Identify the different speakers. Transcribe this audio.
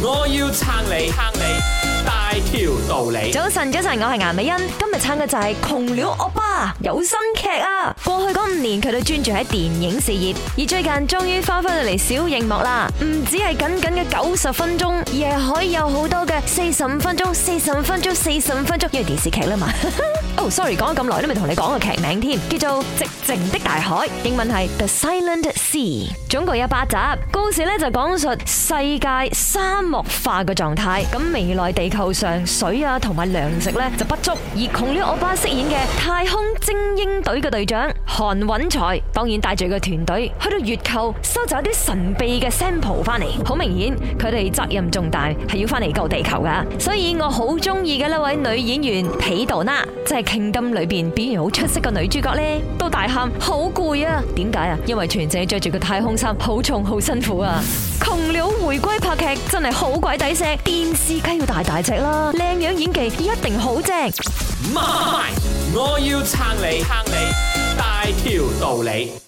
Speaker 1: 我要撐你，撐你大條道理。早
Speaker 2: 晨，早晨，我係顏美欣今天的，就是，今日撐嘅就係《窮了惡霸》，有新劇啊！過去嗰五年佢都專注喺電影事業，而最近終於翻返到嚟小熒幕啦。唔止係僅僅嘅九十分鐘，而係可以有好多。四十五分鐘，四十五分鐘，四十五分鐘，因為電視劇啦嘛。哦、 oh,，sorry，講咗咁耐都未同你講個劇名添，叫做《寂靜的大海》，英文係《The Silent Sea》，總共有八集。故事咧就講述世界沙漠化嘅狀態，咁未來地球上水啊同埋糧食咧就不足。而瓊女歐巴飾演嘅太空精英隊嘅隊長韓允才，當然帶住個團隊去到月球收集一啲神秘嘅 sample 翻嚟。好明顯，佢哋責任重大，係要翻嚟救地球。噶，所以我好中意嘅呢位女演員，皮度娜，即係傾金裏邊表現好出色嘅女主角呢，都大喊好攰啊！點解啊？因為全程着住個太空衫，好重好辛苦啊！窮了回歸拍劇真係好鬼抵食，電視梗要大大隻啦，靚樣演技一
Speaker 3: 定好正。My. 我要撐你，撐你大條道理。